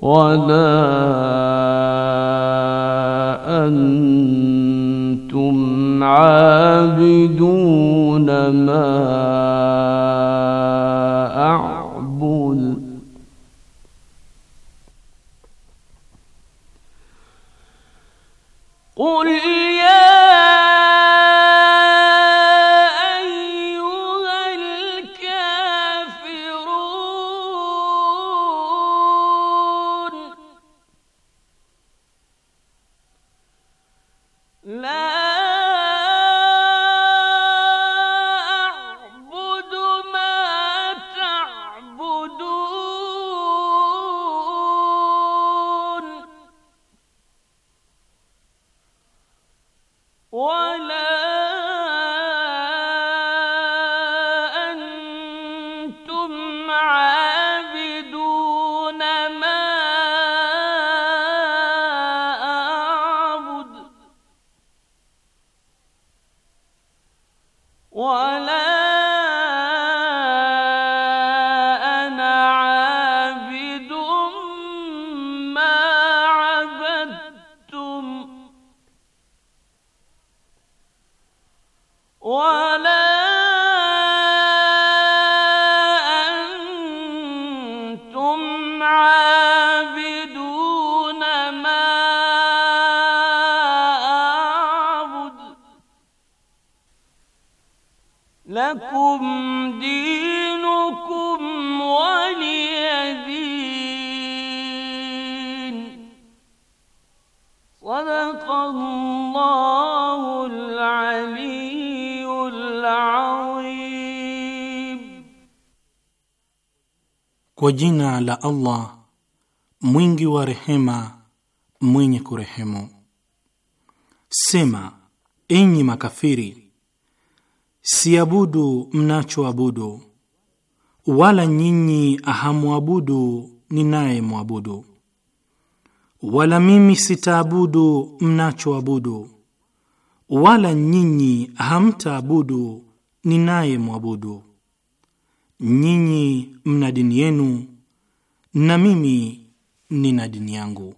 ولا أنتم عابدون ما أعبد قل Kwa jina la Allah mwingi wa rehema mwenye kurehemu. Sema, enyi makafiri, siabudu mnachoabudu, wala nyinyi ahamuabudu ninaye mwabudu wala mimi sitaabudu mnachoabudu, wala nyinyi hamtaabudu ninaye mwabudu. Nyinyi mna dini yenu na mimi nina dini yangu.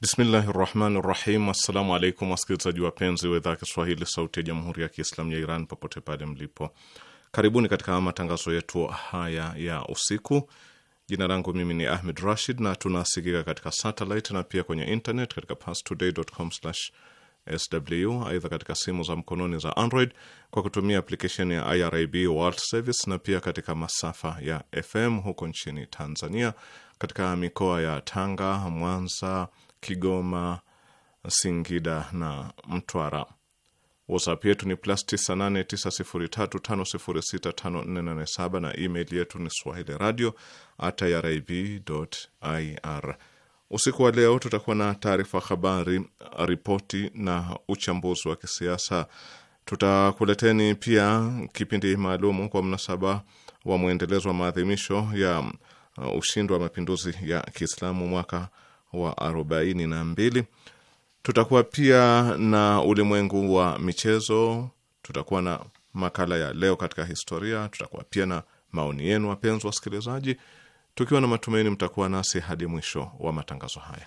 Bismillahi rahmani rahim. Assalamu alaikum wasikilizaji wapenzi wa idhaa Kiswahili sauti ya jamhuri ya Kiislamu ya Iran popote pale mlipo, karibuni katika matangazo yetu haya ya usiku. Jina langu mimi ni Ahmed Rashid na tunasikika katika satellite na pia kwenye internet katika pastodaycom sw Aidha, katika simu za mkononi za Android kwa kutumia aplikesheni ya IRIB World Service na pia katika masafa ya FM huko nchini Tanzania, katika mikoa ya Tanga, Mwanza, Kigoma, Singida na Mtwara. WhatsApp yetu ni plus 989035065487 na email yetu ni swahili radio at Usiku wa leo tutakuwa na taarifa habari, ripoti na uchambuzi wa kisiasa. Tutakuleteni pia kipindi maalumu kwa mnasaba wa mwendelezo wa maadhimisho ya uh, ushindi wa mapinduzi ya Kiislamu mwaka wa 42. na Tutakuwa pia na ulimwengu wa michezo, tutakuwa na makala ya leo katika historia, tutakuwa pia na maoni yenu, wapenzi wasikilizaji, tukiwa na matumaini mtakuwa nasi hadi mwisho wa matangazo haya.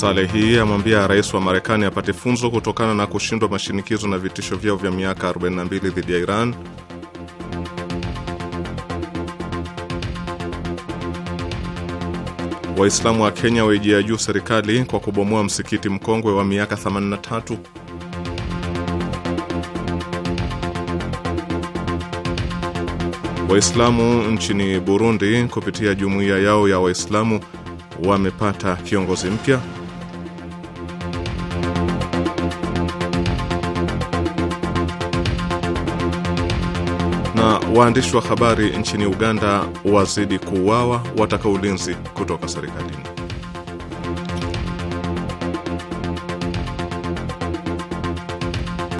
Salehi amwambia rais wa Marekani apate funzo kutokana na kushindwa mashinikizo na vitisho vyao vya miaka 42 dhidi ya Iran. Waislamu wa Kenya waijia juu serikali kwa kubomoa msikiti mkongwe wa miaka 83. Waislamu nchini Burundi kupitia jumuiya yao ya Waislamu wamepata kiongozi mpya. Waandishi wa habari nchini Uganda wazidi kuuawa, wataka ulinzi kutoka serikalini.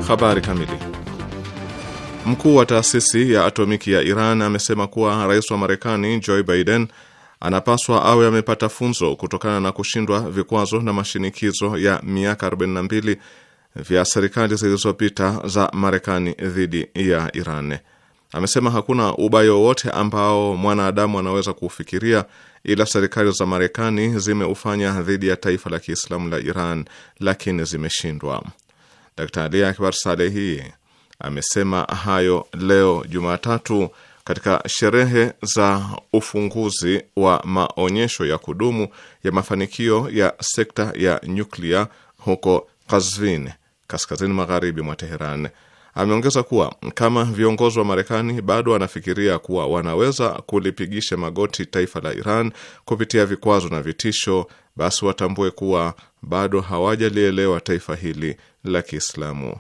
Habari kamili. Mkuu wa taasisi ya atomiki ya Iran amesema kuwa rais wa Marekani Joe Biden anapaswa awe amepata funzo kutokana na kushindwa vikwazo na mashinikizo ya miaka 42 vya serikali zilizopita za Marekani dhidi ya Iran. Amesema hakuna ubayo wowote ambao mwanadamu anaweza kuufikiria ila serikali za Marekani zimeufanya dhidi ya taifa la Kiislamu la Iran, lakini zimeshindwa. Dr. Ali Akbar Salehi amesema hayo leo Jumatatu katika sherehe za ufunguzi wa maonyesho ya kudumu ya mafanikio ya sekta ya nyuklia huko Kazvin, kaskazini magharibi mwa Teheran. Ameongeza kuwa kama viongozi wa Marekani bado wanafikiria kuwa wanaweza kulipigisha magoti taifa la Iran kupitia vikwazo na vitisho, basi watambue kuwa bado hawajalielewa taifa hili la Kiislamu.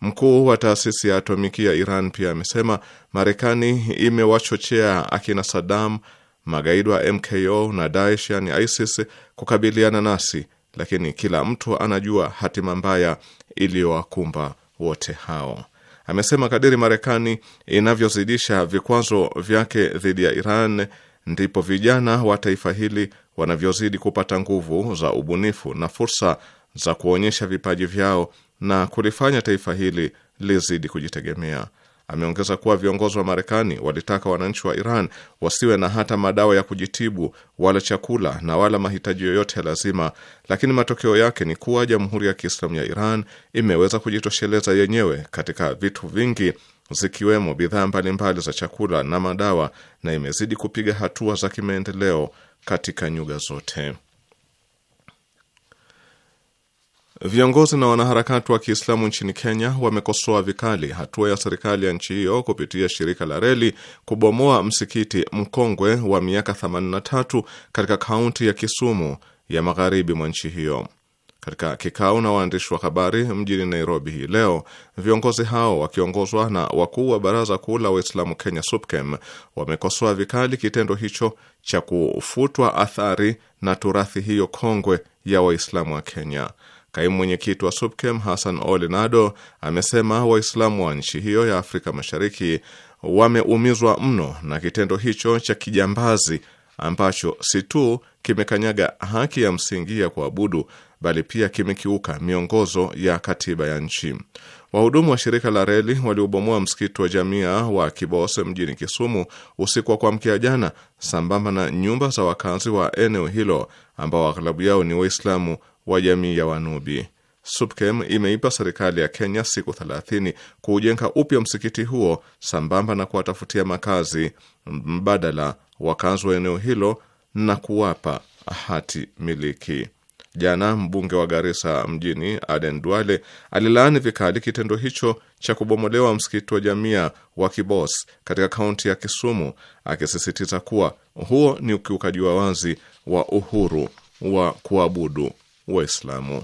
Mkuu wa taasisi ya atomiki ya Iran pia amesema Marekani imewachochea akina Saddam, magaidi wa MKO na Daesh yani ISIS kukabiliana nasi, lakini kila mtu anajua hatima mbaya iliyowakumba wote hao. Amesema kadiri Marekani inavyozidisha vikwazo vyake dhidi ya Iran ndipo vijana wa taifa hili wanavyozidi kupata nguvu za ubunifu na fursa za kuonyesha vipaji vyao na kulifanya taifa hili lizidi kujitegemea. Ameongeza kuwa viongozi wa Marekani walitaka wananchi wa Iran wasiwe na hata madawa ya kujitibu wala chakula na wala mahitaji yoyote ya lazima, lakini matokeo yake ni kuwa Jamhuri ya Kiislamu ya Iran imeweza kujitosheleza yenyewe katika vitu vingi zikiwemo bidhaa mbalimbali za chakula na madawa na imezidi kupiga hatua za kimaendeleo katika nyuga zote. Viongozi na wanaharakati wa Kiislamu nchini Kenya wamekosoa vikali hatua ya serikali ya nchi hiyo kupitia shirika la reli kubomoa msikiti mkongwe wa miaka 83 katika kaunti ya Kisumu ya magharibi mwa nchi hiyo. Katika kikao na waandishi wa habari mjini Nairobi hii leo, viongozi hao wakiongozwa na wakuu wa Baraza Kuu la Waislamu Kenya, SUPKEM, wamekosoa vikali kitendo hicho cha kufutwa athari na turathi hiyo kongwe ya Waislamu wa Kenya. Kaimu mwenyekiti wa SUPKEM Hassan Ole Nado amesema Waislamu wa nchi hiyo ya Afrika Mashariki wameumizwa mno na kitendo hicho cha kijambazi ambacho si tu kimekanyaga haki ya msingi ya kuabudu bali pia kimekiuka miongozo ya katiba ya nchi. Wahudumu wa shirika la reli waliobomoa msikiti wa Jamia wa Kibose mjini Kisumu usiku wa kuamkia jana, sambamba na nyumba za wakazi wa eneo hilo ambao aghlabu yao ni Waislamu wa jamii ya Wanubi. SUPKEM imeipa serikali ya Kenya siku 30 kuujenga upya msikiti huo sambamba na kuwatafutia makazi mbadala wakazi wa eneo hilo na kuwapa hati miliki. Jana mbunge wa Garissa mjini Aden Duale alilaani vikali kitendo hicho cha kubomolewa msikiti wa jamia wa Kibos katika kaunti ya Kisumu, akisisitiza kuwa huo ni ukiukaji wa wazi wa uhuru wa kuabudu Waislamu.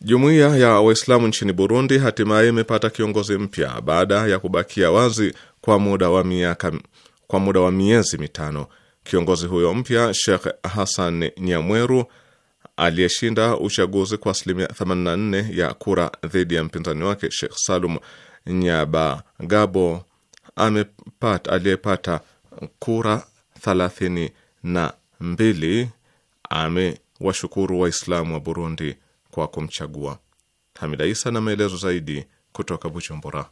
Jumuiya ya Waislamu nchini Burundi hatimaye imepata kiongozi mpya baada ya kubakia wazi kwa muda wa miaka kwa muda wa miezi mitano. Kiongozi huyo mpya Sheikh Hassan Nyamweru aliyeshinda uchaguzi kwa asilimia 84 ya kura dhidi ya mpinzani wake Sheikh Salum Nyabagabo aliyepata kura thelathini na Mbili, amewashukuru Waislamu wa Burundi kwa kumchagua. Hamida Isa na maelezo zaidi kutoka Bujumbura.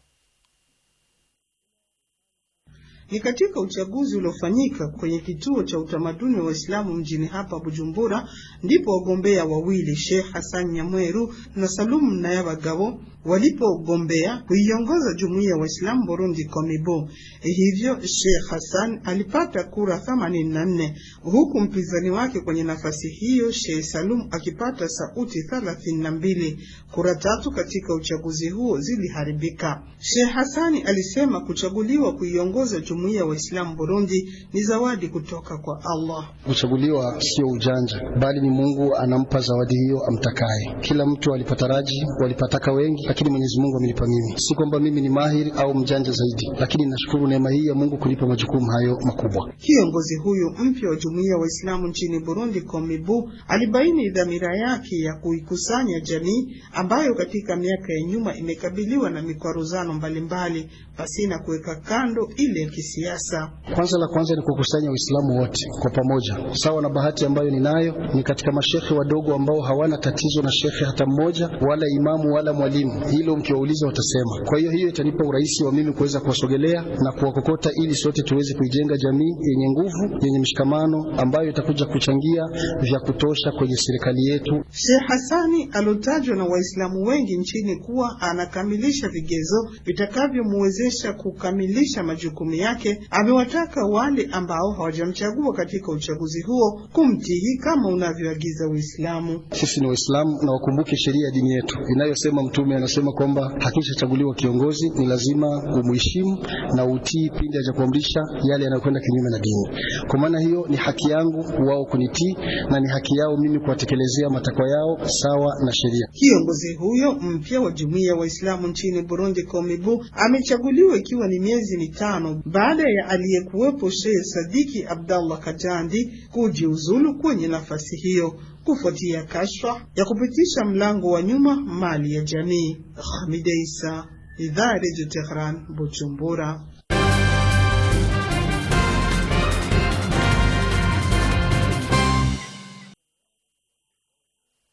Ni katika uchaguzi uliofanyika kwenye kituo cha utamaduni wa Waislamu mjini hapa Bujumbura, ndipo wagombea wawili Sheikh Hassan Nyamweru na salum Nayabagabo walipogombea kuiongoza jumuiya ya Waislamu Burundi Komibo. Hivyo Sheikh Hassan alipata kura 84 huku mpinzani wake kwenye nafasi hiyo Sheikh Salum akipata sauti 32 kura tatu katika uchaguzi huo ziliharibika. Sheikh Hasani alisema kuchaguliwa kuiongoza jumuiya ya Waislamu Burundi ni zawadi kutoka kwa Allah. Kuchaguliwa sio ujanja, bali ni Mungu anampa zawadi hiyo amtakaye. Kila mtu alipataraji, walipataka wengi, lakini Mwenyezi Mungu amenipa mimi. Si kwamba mimi ni mahiri au mjanja zaidi, lakini nashukuru neema hii ya Mungu kunipa majukumu hayo makubwa. Kiongozi huyu mpya wa jumuiya ya Waislamu nchini Burundi, Komibu, alibaini dhamira yake ya kuikusanya jamii ambayo katika miaka ya nyuma imekabiliwa na mikwaruzano mbalimbali pasina kuweka kando ile ya kisiasa. Kwanza la kwanza ni kukusanya Waislamu wote kwa pamoja, sawa na bahati ambayo ninayo ni katika mashekhe wadogo ambao hawana tatizo na shekhe hata mmoja, wala imamu wala mwalimu. Hilo mkiwauliza watasema. Kwa hiyo hiyo itanipa urahisi wa mimi kuweza kuwasogelea na kuwakokota, ili sote tuweze kuijenga jamii yenye nguvu, yenye mshikamano, ambayo itakuja kuchangia vya kutosha kwenye serikali yetu. Sheikh Hasani alotajwa na Waislamu Waislamu wengi nchini kuwa anakamilisha vigezo vitakavyomwezesha kukamilisha majukumu yake, amewataka wale ambao hawajamchagua katika uchaguzi huo kumtii kama unavyoagiza Uislamu. Sisi ni Waislamu na wakumbuke sheria ya dini yetu inayosema, Mtume anasema kwamba hakishachaguliwa kiongozi ni lazima umuheshimu na utii pindi hajakuamrisha yale yanayokwenda kinyume na dini. Kwa maana hiyo, ni haki yangu wao kunitii na ni haki yao mimi kuwatekelezea matakwa yao sawa na sheria. Kiongozi Kiongozi huyo mpya wa jumuiya ya Waislamu nchini Burundi Komibu amechaguliwa ikiwa ni miezi mitano baada ya aliyekuwepo Sheikh Sadiki Abdallah Kajandi kujiuzulu kwenye nafasi hiyo kufuatia kashfa ya kupitisha mlango wa nyuma mali ya jamii. Hamida Isa, Idhaa ya Redio Tehran, Bujumbura.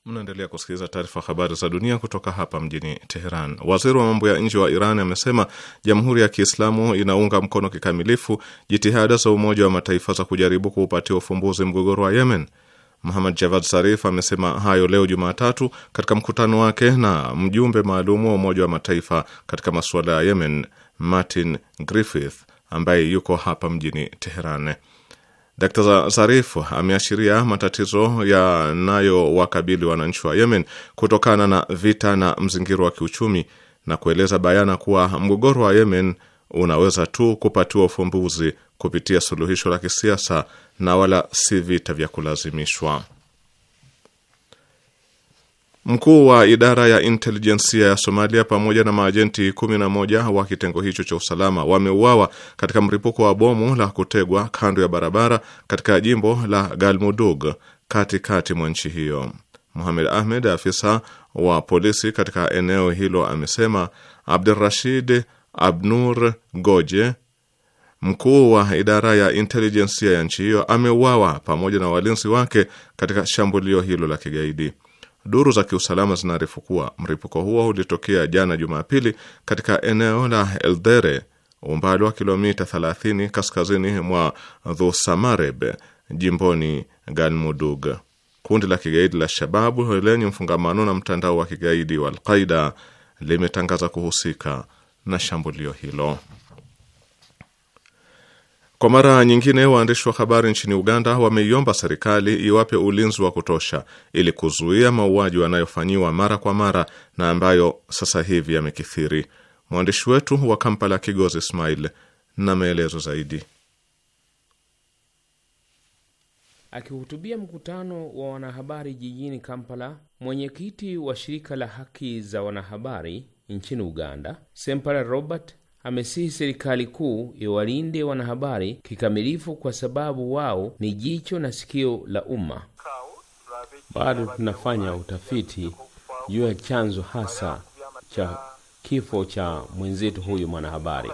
Mnaendelea kusikiliza taarifa habari za dunia kutoka hapa mjini Teheran. Waziri wa mambo ya nje wa Iran amesema jamhuri ya Kiislamu inaunga mkono kikamilifu jitihada za Umoja wa Mataifa za kujaribu kuupatia ufumbuzi mgogoro wa Yemen. Muhammad Javad Zarif amesema hayo leo Jumatatu katika mkutano wake na mjumbe maalum wa Umoja wa Mataifa katika masuala ya Yemen, Martin Griffith, ambaye yuko hapa mjini Teheran. Dkt Zarifu ameashiria matatizo yanayowakabili wananchi wa Yemen kutokana na vita na mzingiro wa kiuchumi na kueleza bayana kuwa mgogoro wa Yemen unaweza tu kupatiwa ufumbuzi kupitia suluhisho la kisiasa na wala si vita vya kulazimishwa. Mkuu wa idara ya intelijensia ya Somalia pamoja na maajenti 11 wa kitengo hicho cha usalama wameuawa katika mripuko wa bomu la kutegwa kando ya barabara katika jimbo la Galmudug katikati mwa nchi hiyo. Muhamed Ahmed, afisa wa polisi katika eneo hilo, amesema Abdurashid Abnur Goje, mkuu wa idara ya intelijensia ya nchi hiyo, ameuawa pamoja na walinzi wake katika shambulio hilo la kigaidi. Duru za kiusalama zinaarifu kuwa mripuko huo ulitokea jana Jumapili katika eneo la Eldhere, umbali wa kilomita 30 kaskazini mwa Dhusamareb, jimboni Galmudug. Kundi la kigaidi la Shababu lenye mfungamano na mtandao wa kigaidi wa Alqaida limetangaza kuhusika na shambulio hilo. Kwa mara nyingine, waandishi wa habari nchini Uganda wameiomba serikali iwape ulinzi wa kutosha ili kuzuia mauaji yanayofanyiwa mara kwa mara na ambayo sasa hivi yamekithiri. Mwandishi wetu wa Kampala, Kigozi Ismail, na maelezo zaidi. Akihutubia mkutano wa wanahabari jijini Kampala, mwenyekiti wa shirika la haki za wanahabari nchini Uganda, Sempala Robert amesihi serikali kuu iwalinde wanahabari kikamilifu kwa sababu wao ni jicho na sikio la umma. Bado tunafanya utafiti juu ya chanzo hasa cha kifo cha mwenzetu huyu mwanahabari.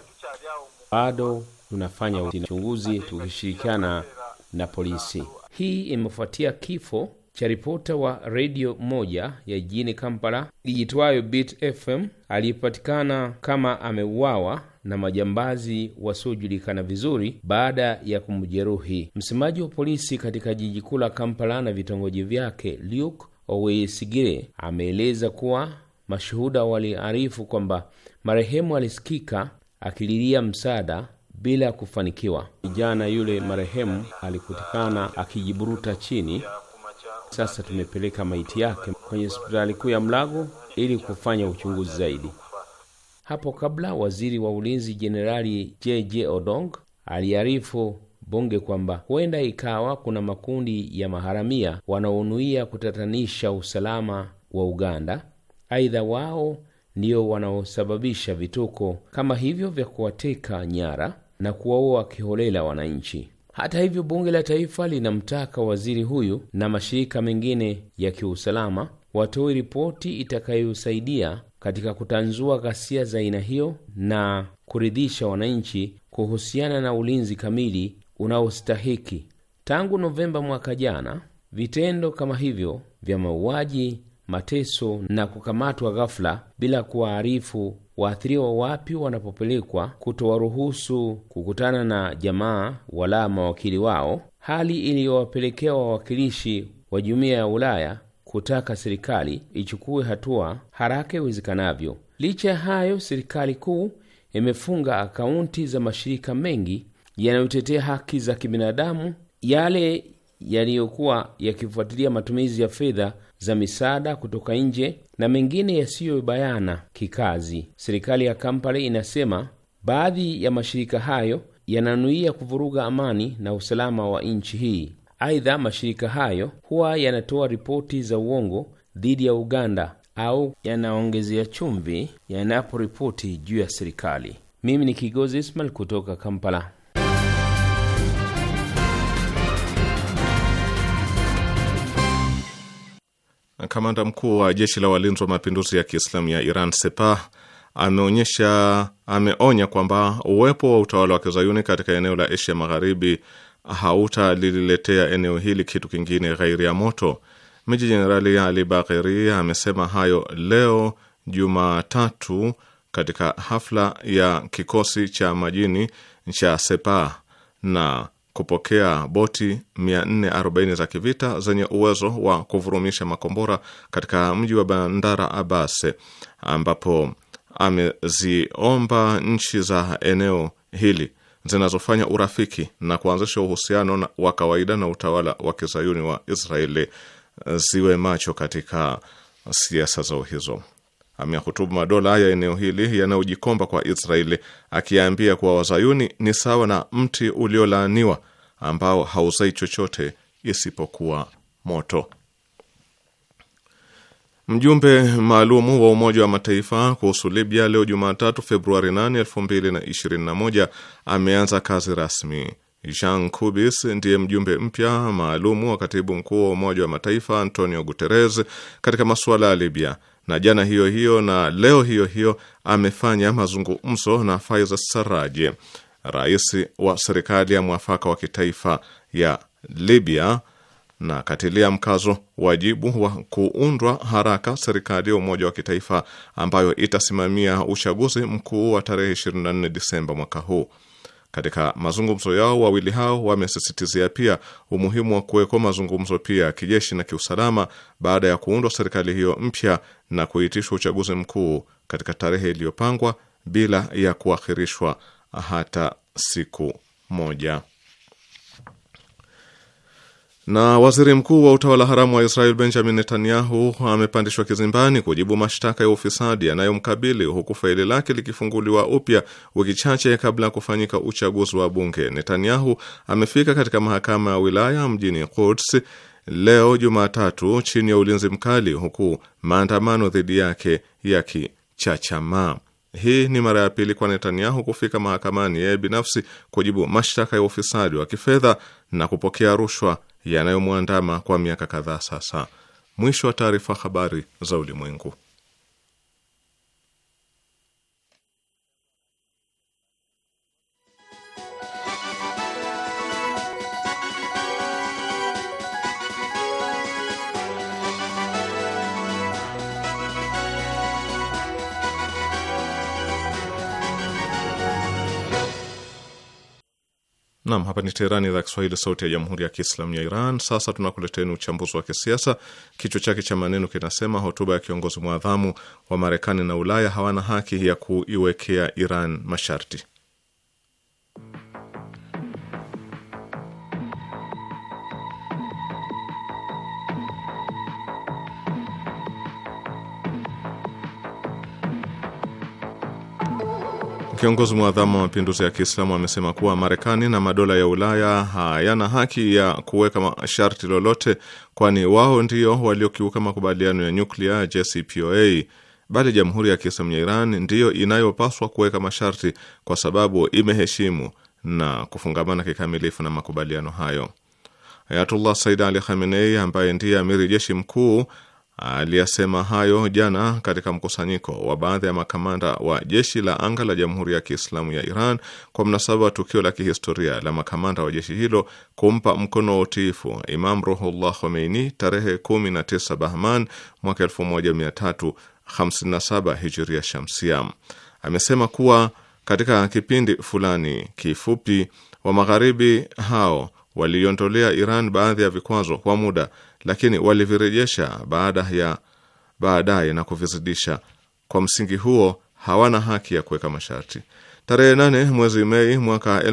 Bado tunafanya uchunguzi tukishirikiana na polisi. Hii imefuatia kifo cha ripota wa redio moja ya jijini Kampala ijitwayo Bit FM aliyepatikana kama ameuawa na majambazi wasiojulikana vizuri baada ya kumjeruhi. Msemaji wa polisi katika jiji kuu la Kampala na vitongoji vyake Luke Oweyesigire ameeleza kuwa mashuhuda waliarifu kwamba marehemu alisikika akililia msaada bila kufanikiwa. Kijana yule marehemu alikutikana akijiburuta chini sasa tumepeleka maiti yake kwenye hospitali kuu ya Mlago ili kufanya uchunguzi zaidi. Hapo kabla, waziri wa ulinzi Jenerali J.J. Odong aliarifu bunge kwamba huenda ikawa kuna makundi ya maharamia wanaonuia kutatanisha usalama wa Uganda. Aidha, wao ndio wanaosababisha vituko kama hivyo vya kuwateka nyara na kuwaua kiholela wananchi. Hata hivyo, bunge la taifa linamtaka waziri huyu na mashirika mengine ya kiusalama watoe ripoti itakayosaidia katika kutanzua ghasia za aina hiyo na kuridhisha wananchi kuhusiana na ulinzi kamili unaostahiki. Tangu Novemba mwaka jana, vitendo kama hivyo vya mauaji, mateso na kukamatwa ghafla bila kuwaarifu waathiriwa wapi wanapopelekwa, kutowaruhusu kukutana na jamaa wala mawakili wao, hali iliyowapelekea wawakilishi wa jumuiya ya Ulaya kutaka serikali ichukue hatua haraka iwezekanavyo. Licha ya hayo, serikali kuu imefunga akaunti za mashirika mengi yanayotetea haki za kibinadamu, yale yaliyokuwa yakifuatilia matumizi ya fedha za misaada kutoka nje na mengine yasiyobayana kikazi. Serikali ya Kampala inasema baadhi ya mashirika hayo yananuia kuvuruga amani na usalama wa nchi hii. Aidha, mashirika hayo huwa yanatoa ripoti za uongo dhidi ya Uganda au yanaongezea chumvi yanaporipoti juu ya serikali. Mimi ni Kigozi Ismail kutoka Kampala. kamanda mkuu wa jeshi la walinzi wa mapinduzi ya Kiislamu ya Iran Sepah ameonyesha ameonya kwamba uwepo wa utawala wa kizayuni katika eneo la Asia Magharibi hautalililetea eneo hili kitu kingine ghairi ya moto. Meja Jenerali Ali Bagheri amesema hayo leo Jumatatu katika hafla ya kikosi cha majini cha Sepah na kupokea boti 440 za kivita zenye uwezo wa kuvurumisha makombora katika mji wa bandara Abbas, ambapo ameziomba nchi za eneo hili zinazofanya urafiki na kuanzisha uhusiano wa kawaida na utawala wa kizayuni wa Israeli ziwe macho katika siasa zao hizo amehutubu madola ya eneo hili yanayojikomba kwa Israeli akiambia kuwa wazayuni ni sawa na mti uliolaaniwa ambao hauzai chochote isipokuwa moto. Mjumbe maalumu wa Umoja wa Mataifa kuhusu Libya leo Jumatatu Februari 8, 2021 ameanza kazi rasmi. Jean Kubis ndiye mjumbe mpya maalumu wa katibu mkuu wa Umoja wa Mataifa Antonio Guterres katika masuala ya Libya na jana hiyo hiyo na leo hiyo hiyo amefanya mazungumzo na Faiza Saraji, rais wa serikali ya mwafaka wa kitaifa ya Libya, na katilia mkazo wajibu wa kuundwa haraka serikali ya umoja wa kitaifa ambayo itasimamia uchaguzi mkuu wa tarehe 24 Disemba mwaka huu. Katika mazungumzo yao, wawili hao wamesisitizia pia umuhimu wa kuwekwa mazungumzo pia ya kijeshi na kiusalama baada ya kuundwa serikali hiyo mpya na kuitishwa uchaguzi mkuu katika tarehe iliyopangwa bila ya kuakhirishwa hata siku moja. Na waziri mkuu wa utawala haramu wa Israel Benjamin Netanyahu amepandishwa kizimbani kujibu mashtaka ya ufisadi yanayomkabili huku faili lake likifunguliwa upya wiki chache kabla ya kufanyika uchaguzi wa bunge. Netanyahu amefika katika mahakama ya wilaya mjini Quds leo Jumatatu chini ya ulinzi mkali, huku maandamano dhidi yake yakichachamaa. Hii ni mara ya pili kwa Netanyahu kufika mahakamani yeye binafsi kujibu mashtaka ya ufisadi wa kifedha na kupokea rushwa yanayomwandama kwa miaka kadhaa sasa. Mwisho wa taarifa. Habari za Ulimwengu. Nam, hapa ni Teherani, idhaa Kiswahili, sauti ya jamhuri ya kiislamu ya Iran. Sasa tunakuleteni uchambuzi wa kisiasa, kichwa chake cha maneno kinasema: hotuba ya kiongozi mwadhamu wa Marekani na Ulaya hawana haki ya kuiwekea Iran masharti. Kiongozi mwadhamu wa mapinduzi ya Kiislamu amesema kuwa Marekani na madola ya Ulaya hayana haki ya kuweka masharti lolote, kwani wao ndio waliokiuka makubaliano ya nyuklia JCPOA, bali Jamhuri ya Kiislamu ya Iran ndiyo inayopaswa kuweka masharti kwa sababu imeheshimu na kufungamana kikamilifu na makubaliano hayo. Ayatullah Said Ali Khamenei ambaye ndiye amiri jeshi mkuu Aliyasema hayo jana katika mkusanyiko wa baadhi ya makamanda wa jeshi la anga la Jamhuri ya Kiislamu ya Iran kwa mnasaba wa tukio la kihistoria la makamanda wa jeshi hilo kumpa mkono wa utiifu Imam Ruhullah Khomeini tarehe 19 Bahman mwaka 1357 Hijiria Shamsia. Amesema kuwa katika kipindi fulani kifupi wa magharibi hao waliondolea Iran baadhi ya vikwazo kwa muda lakini walivirejesha baada ya baadaye na kuvizidisha. Kwa msingi huo hawana haki ya kuweka masharti. Tarehe 8 mwezi Mei mwaka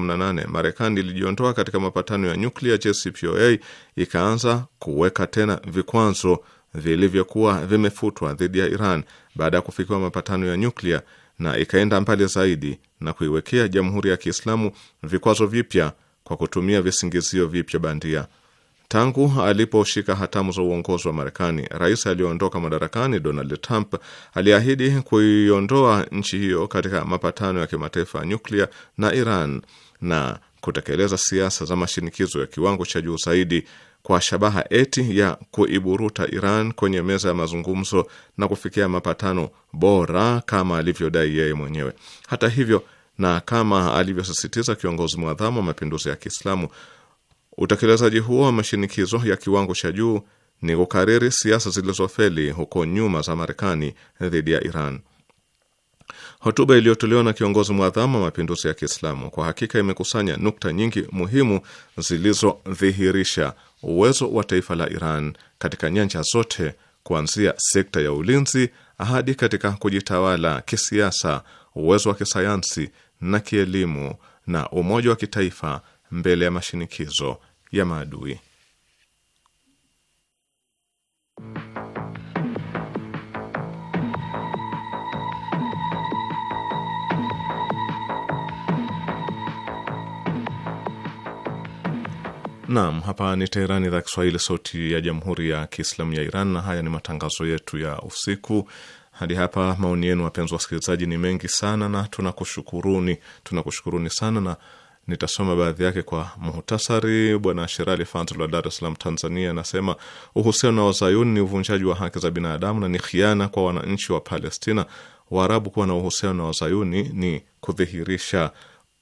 nane Marekani ilijiondoa katika mapatano ya nyuklia JCPOA, ikaanza kuweka tena vikwazo vilivyokuwa vimefutwa dhidi ya Iran baada ya kufikiwa mapatano ya nyuklia, na ikaenda mbali zaidi na kuiwekea Jamhuri ya Kiislamu vikwazo vipya kwa kutumia visingizio vipya bandia. Tangu aliposhika hatamu za uongozi wa Marekani, rais aliyoondoka madarakani Donald Trump aliahidi kuiondoa nchi hiyo katika mapatano ya kimataifa ya nyuklia na Iran na kutekeleza siasa za mashinikizo ya kiwango cha juu zaidi kwa shabaha eti ya kuiburuta Iran kwenye meza ya mazungumzo na kufikia mapatano bora kama alivyodai yeye mwenyewe. Hata hivyo, na kama alivyosisitiza kiongozi mwadhamu wa mapinduzi ya Kiislamu Utekelezaji huo wa mashinikizo ya kiwango cha juu ni kukariri siasa zilizofeli huko nyuma za Marekani dhidi ya Iran. Hotuba iliyotolewa na kiongozi mwadhamu wa mapinduzi ya Kiislamu kwa hakika imekusanya nukta nyingi muhimu zilizodhihirisha uwezo wa taifa la Iran katika nyanja zote, kuanzia sekta ya ulinzi hadi katika kujitawala kisiasa, uwezo wa kisayansi na kielimu, na umoja wa kitaifa mbele ya mashinikizo ya maadui. Naam, hapa ni Teherani, idhaa Kiswahili, sauti ya jamhuri ya kiislamu ya Iran, na haya ni matangazo yetu ya usiku. Hadi hapa maoni yenu, wapenzi wasikilizaji, ni mengi sana, na tunakushukuruni, tunakushukuruni sana na Nitasoma baadhi yake kwa muhtasari. Bwana Sherali Fazl wa Dar es Salaam, Tanzania, anasema uhusiano na wazayuni ni uvunjaji wa haki za binadamu na ni khiana kwa wananchi wa Palestina. Waarabu kuwa na uhusiano na wazayuni ni kudhihirisha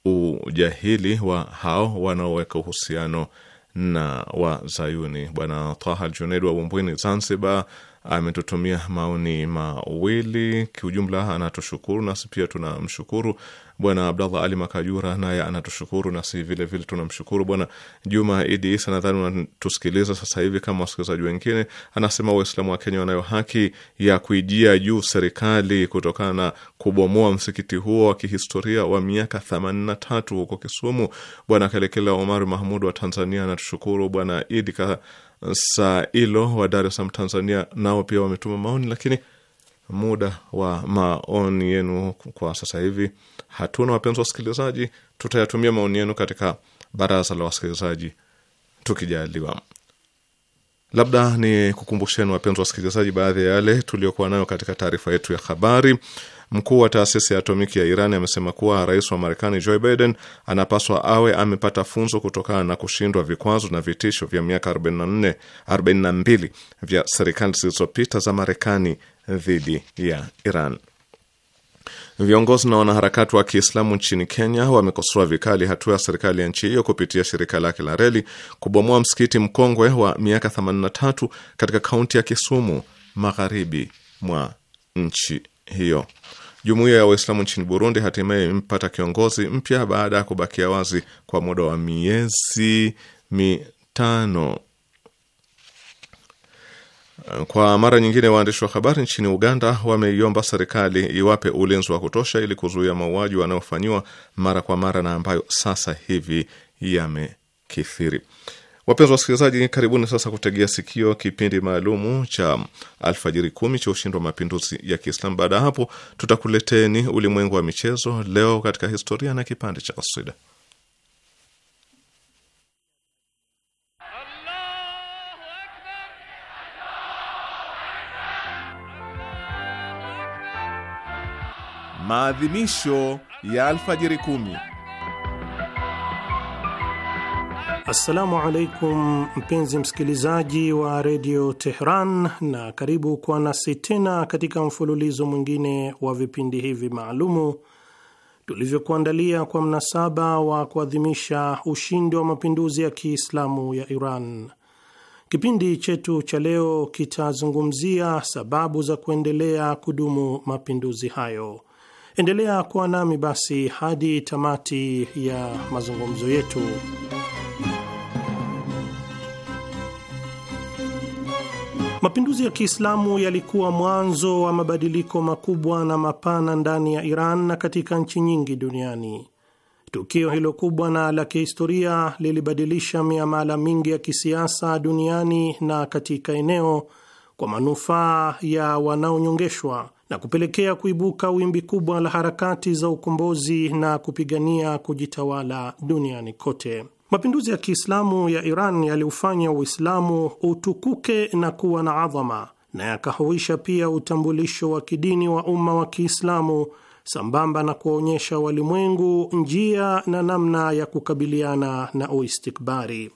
ujahili wa hao wanaoweka uhusiano na wazayuni. Bwana Taha Junaid wa Bumbwini, Zanzibar, ametutumia maoni mawili. Kiujumla anatushukuru, nasi pia tunamshukuru Bwana Abdallah Ali Makajura naye anatushukuru, nasi vilevile tunamshukuru. Bwana Juma Idi Isa nadhani unatusikiliza sasa hivi kama wasikilizaji wengine, anasema Waislamu wa Kenya wanayo haki ya kuijia juu serikali kutokana na kubomoa msikiti huo wa kihistoria wa miaka 83 huko Kisumu. Bwana Kelekela Omar Mahmud wa Tanzania anatushukuru. Bwana Idi Kasailo wa Dar es Salaam, Tanzania, nao pia wametuma maoni, lakini muda wa maoni yenu kwa sasa hivi hatuna, wapenzi wasikilizaji. Tutayatumia maoni yenu katika baraza la wasikilizaji tukijaliwa. Labda ni kukumbusheni wapenzi wasikilizaji, baadhi ya yale tuliyokuwa nayo katika taarifa yetu ya habari. Mkuu wa taasisi ya atomiki ya Iran amesema kuwa rais wa Marekani Joe Biden anapaswa awe amepata funzo kutokana na kushindwa vikwazo na vitisho vya miaka 44 42 vya serikali zilizopita za Marekani dhidi ya Iran. Viongozi na wanaharakati wa Kiislamu nchini Kenya wamekosoa vikali hatua ya serikali ya nchi hiyo kupitia shirika lake la reli kubomoa msikiti mkongwe wa miaka 83 katika kaunti ya Kisumu, magharibi mwa nchi hiyo. Jumuiya ya Waislamu nchini Burundi hatimaye imepata kiongozi mpya baada ya kubakia wazi kwa muda wa miezi mitano kwa mara nyingine, waandishi wa habari nchini Uganda wameiomba serikali iwape ulinzi wa kutosha ili kuzuia mauaji wanayofanyiwa mara kwa mara na ambayo sasa hivi yamekithiri. Wapenzi wasikilizaji, karibuni sasa kutegea sikio kipindi maalumu cha Alfajiri Kumi cha ushindi wa mapinduzi ya Kiislamu. Baada ya hapo, tutakuleteni ulimwengu wa michezo, leo katika historia na kipande cha kaswida. Maadhimisho ya alfajiri kumi. Assalamu alaikum mpenzi msikilizaji wa redio Tehran, na karibu kwa nasi tena katika mfululizo mwingine wa vipindi hivi maalumu tulivyokuandalia kwa mnasaba wa kuadhimisha ushindi wa mapinduzi ya Kiislamu ya Iran. Kipindi chetu cha leo kitazungumzia sababu za kuendelea kudumu mapinduzi hayo. Endelea kuwa nami basi hadi tamati ya mazungumzo yetu. Mapinduzi ya Kiislamu yalikuwa mwanzo wa mabadiliko makubwa na mapana ndani ya Iran na katika nchi nyingi duniani. Tukio hilo kubwa na la kihistoria lilibadilisha miamala mingi ya kisiasa duniani na katika eneo kwa manufaa ya wanaonyongeshwa na kupelekea kuibuka wimbi kubwa la harakati za ukombozi na kupigania kujitawala duniani kote. Mapinduzi ya Kiislamu ya Iran yaliufanya Uislamu utukuke na kuwa na adhama na yakahuisha pia utambulisho wa kidini wa umma wa Kiislamu sambamba na kuwaonyesha walimwengu njia na namna ya kukabiliana na uistikbari.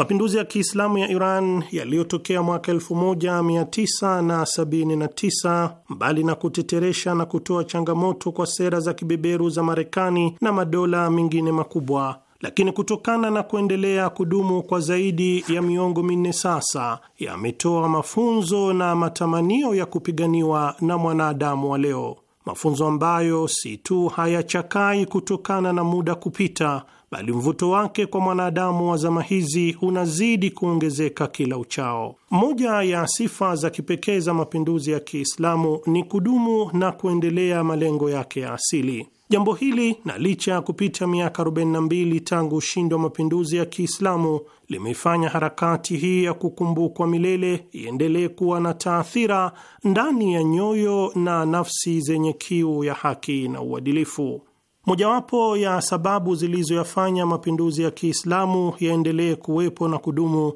Mapinduzi ya Kiislamu ya Iran yaliyotokea mwaka 1979 mbali na kuteteresha na kutoa changamoto kwa sera za kibeberu za Marekani na madola mengine makubwa, lakini kutokana na kuendelea kudumu kwa zaidi ya miongo minne sasa, yametoa mafunzo na matamanio ya kupiganiwa na mwanadamu wa leo, mafunzo ambayo si tu hayachakai kutokana na muda kupita bali mvuto wake kwa mwanadamu wa zama hizi unazidi kuongezeka kila uchao. Moja ya sifa za kipekee za mapinduzi ya Kiislamu ni kudumu na kuendelea malengo yake ya asili. Jambo hili na licha ya kupita miaka 42 tangu ushindi wa mapinduzi ya Kiislamu limeifanya harakati hii ya kukumbukwa milele iendelee kuwa na taathira ndani ya nyoyo na nafsi zenye kiu ya haki na uadilifu. Mojawapo ya sababu zilizoyafanya mapinduzi ya Kiislamu yaendelee kuwepo na kudumu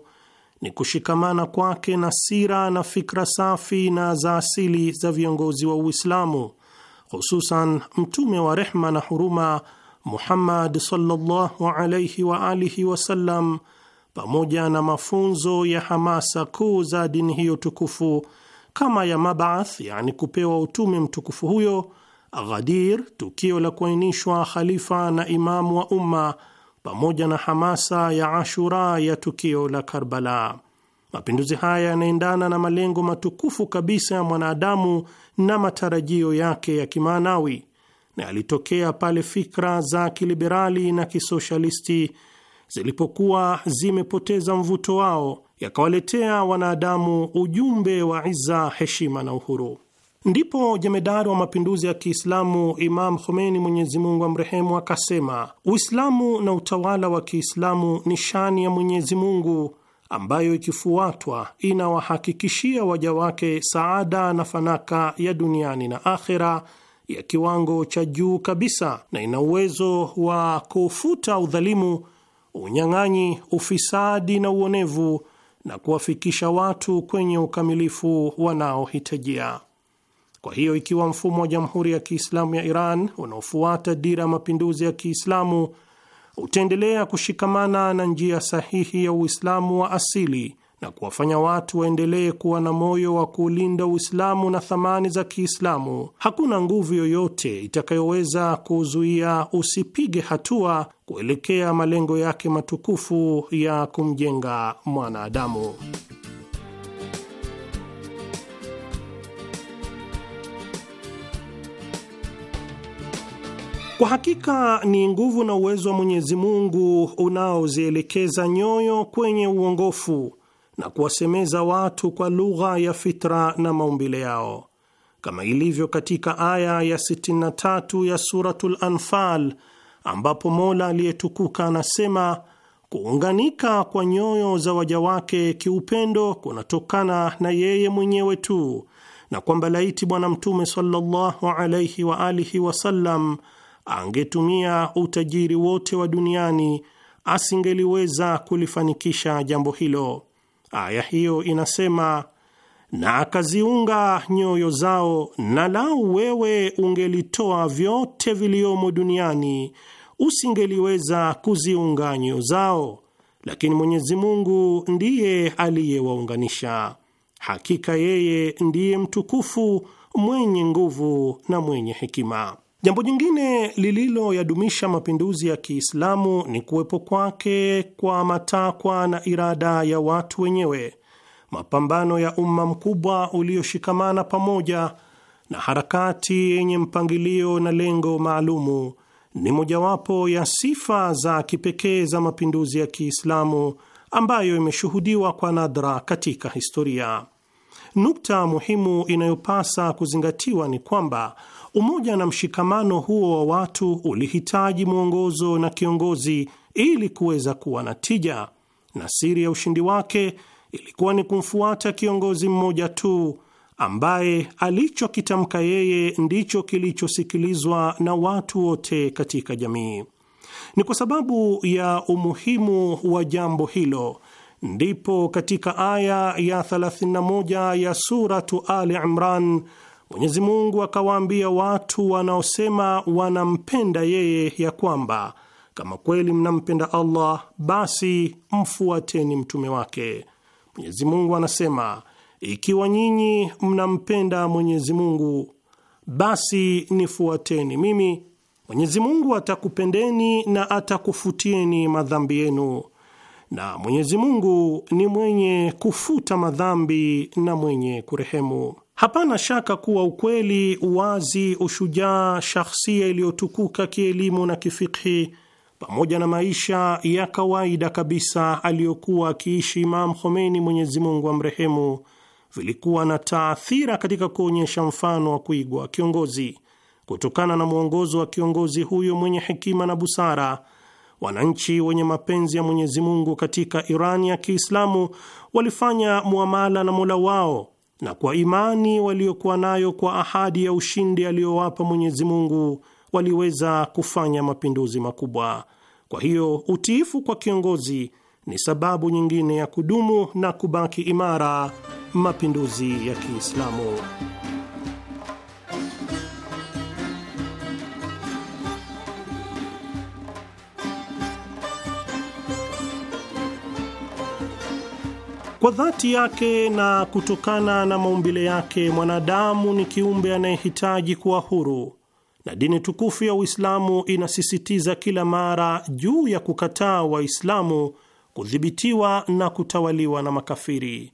ni kushikamana kwake na sira na fikra safi na za asili za viongozi wa Uislamu, hususan mtume wa rehma na huruma Muhammad sallallahu alayhi wa alihi wasallam, pamoja na mafunzo ya hamasa kuu za dini hiyo tukufu kama ya mabaath, yani kupewa utume mtukufu huyo Ghadir, tukio la kuainishwa khalifa na imamu wa umma, pamoja na hamasa ya Ashura ya tukio la Karbala. Mapinduzi haya yanaendana na malengo matukufu kabisa ya mwanadamu na matarajio yake ya kimaanawi, na yalitokea pale fikra za kiliberali na kisoshalisti zilipokuwa zimepoteza mvuto wao, yakawaletea wanadamu ujumbe wa iza, heshima na uhuru. Ndipo jemedari wa mapinduzi ya Kiislamu Imam Khomeini, Mwenyezi Mungu amrehemu, akasema Uislamu na utawala wa Kiislamu ni shani ya Mwenyezi Mungu ambayo ikifuatwa inawahakikishia waja wake saada na fanaka ya duniani na akhera ya kiwango cha juu kabisa, na ina uwezo wa kufuta udhalimu, unyang'anyi, ufisadi na uonevu na kuwafikisha watu kwenye ukamilifu wanaohitajia. Kwa hiyo ikiwa mfumo wa Jamhuri ya Kiislamu ya Iran unaofuata dira ya mapinduzi ya Kiislamu utaendelea kushikamana na njia sahihi ya Uislamu wa asili na kuwafanya watu waendelee kuwa na moyo wa kuulinda Uislamu na thamani za Kiislamu, hakuna nguvu yoyote itakayoweza kuzuia usipige hatua kuelekea malengo yake matukufu ya kumjenga mwanadamu. Kwa hakika ni nguvu na uwezo wa Mwenyezi Mungu unaozielekeza nyoyo kwenye uongofu na kuwasemeza watu kwa lugha ya fitra na maumbile yao, kama ilivyo katika aya ya 63 ya Suratul Anfal ambapo Mola aliyetukuka anasema kuunganika kwa nyoyo za waja wake kiupendo kunatokana na yeye mwenyewe tu, na kwamba laiti Bwana Mtume sallallahu alaihi wa alihi wasallam angetumia utajiri wote wa duniani asingeliweza kulifanikisha jambo hilo. Aya hiyo inasema, na akaziunga nyoyo zao, na lau wewe ungelitoa vyote viliyomo duniani usingeliweza kuziunga nyoyo zao, lakini Mwenyezi Mungu ndiye aliyewaunganisha. Hakika yeye ndiye mtukufu mwenye nguvu na mwenye hekima. Jambo jingine lililoyadumisha mapinduzi ya Kiislamu ni kuwepo kwake kwa matakwa na irada ya watu wenyewe, mapambano ya umma mkubwa ulioshikamana pamoja na harakati yenye mpangilio na lengo maalumu ni mojawapo ya sifa za kipekee za mapinduzi ya Kiislamu ambayo imeshuhudiwa kwa nadra katika historia. Nukta muhimu inayopasa kuzingatiwa ni kwamba Umoja na mshikamano huo wa watu ulihitaji mwongozo na kiongozi ili kuweza kuwa na tija, na siri ya ushindi wake ilikuwa ni kumfuata kiongozi mmoja tu ambaye alichokitamka yeye ndicho kilichosikilizwa na watu wote katika jamii. Ni kwa sababu ya umuhimu wa jambo hilo ndipo katika aya ya 31 ya Suratu Ali Imran Mwenyezi Mungu akawaambia watu wanaosema wanampenda yeye ya kwamba kama kweli mnampenda Allah basi mfuateni mtume wake. Mwenyezi Mungu anasema ikiwa nyinyi mnampenda Mwenyezi Mungu basi nifuateni mimi, Mwenyezi Mungu atakupendeni na atakufutieni madhambi yenu, na Mwenyezi Mungu ni mwenye kufuta madhambi na mwenye kurehemu. Hapana shaka kuwa ukweli, uwazi, ushujaa, shahsia iliyotukuka kielimu na kifikhi, pamoja na maisha ya kawaida kabisa aliyokuwa akiishi Imam Khomeini, Mwenyezi Mungu amrehemu, vilikuwa na taathira katika kuonyesha mfano wa kuigwa kiongozi. Kutokana na mwongozo wa kiongozi huyo mwenye hekima na busara, wananchi wenye mapenzi ya Mwenyezi Mungu katika iran ya Kiislamu walifanya muamala na Mola wao na kwa imani waliokuwa nayo kwa ahadi ya ushindi aliyowapa Mwenyezi Mungu waliweza kufanya mapinduzi makubwa. Kwa hiyo utiifu kwa kiongozi ni sababu nyingine ya kudumu na kubaki imara mapinduzi ya Kiislamu. Kwa dhati yake na kutokana na maumbile yake, mwanadamu ni kiumbe anayehitaji kuwa huru, na dini tukufu ya Uislamu inasisitiza kila mara juu ya kukataa Waislamu kudhibitiwa na kutawaliwa na makafiri,